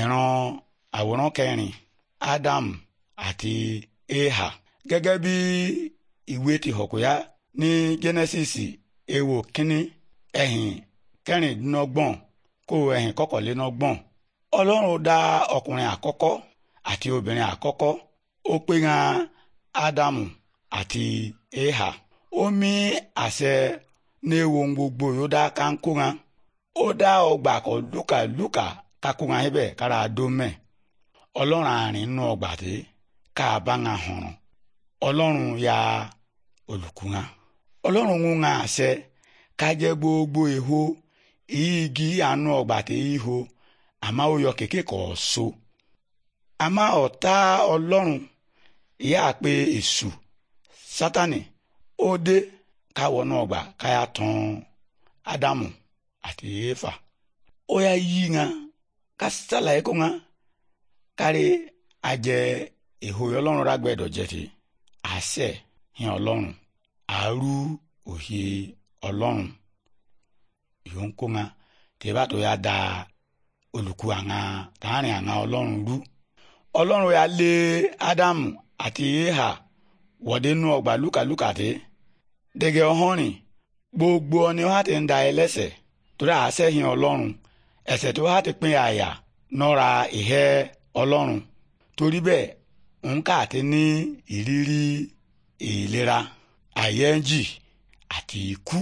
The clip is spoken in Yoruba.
ìran àwòrán kẹrin Adam àti eha gẹ́gẹ́ bí ìwé ti họ̀kóyá ní Genesis ewo kínní ẹ̀hìn kẹrìndínlọ́gbọ̀n kó ẹ̀hìn kọkànlélọ́gbọ̀n Ọlọ́run dá ọkùnrin àkọ́kọ́ àti obìnrin àkọ́kọ́ ó pè hàn Ádámù àti Éhà ó mí àṣẹ ní ewu gbogbo yóò dá kánkó hàn ó dá ọgbà kan lúkàlúkà kakó ŋa yín kara kára dó mẹ́ ọlọ́run àárín nínú ọgbà a bá ŋa hàn ọlọ́run ya olùkú ŋa ọlọ́run ń ŋa àṣẹ gbogbo èho èyí igi àánú ọgbà dé ihò àmọ́ yọ kékeré kọ̀ ọ́ so ọlọ́run ìyá àpè kásálàyé kó kari kárí àjẹ ìhòòhò ọlọ́run rágbẹ́ ìdọ̀jẹ̀tì àṣẹ hìn ọlọ́run àárú òhì ọlọ́run yòó kó ŋá tèbá tó yá da aŋa àŋá aŋa àŋá ru. rú ya yà adamu ati eha éhà wọ̀dé nú ọgbà lúkàlúkàté dẹ̀gẹ̀ ọ̀hánrin gbogbo ti da ẹ̀ṣẹ̀ tó wá ti pín àyà nọ́ra ìhẹ́ ọlọ́run torí bẹ́ẹ̀ òǹkà ti ní ìrírí ìlera àyẹ́ńjì àti ikú.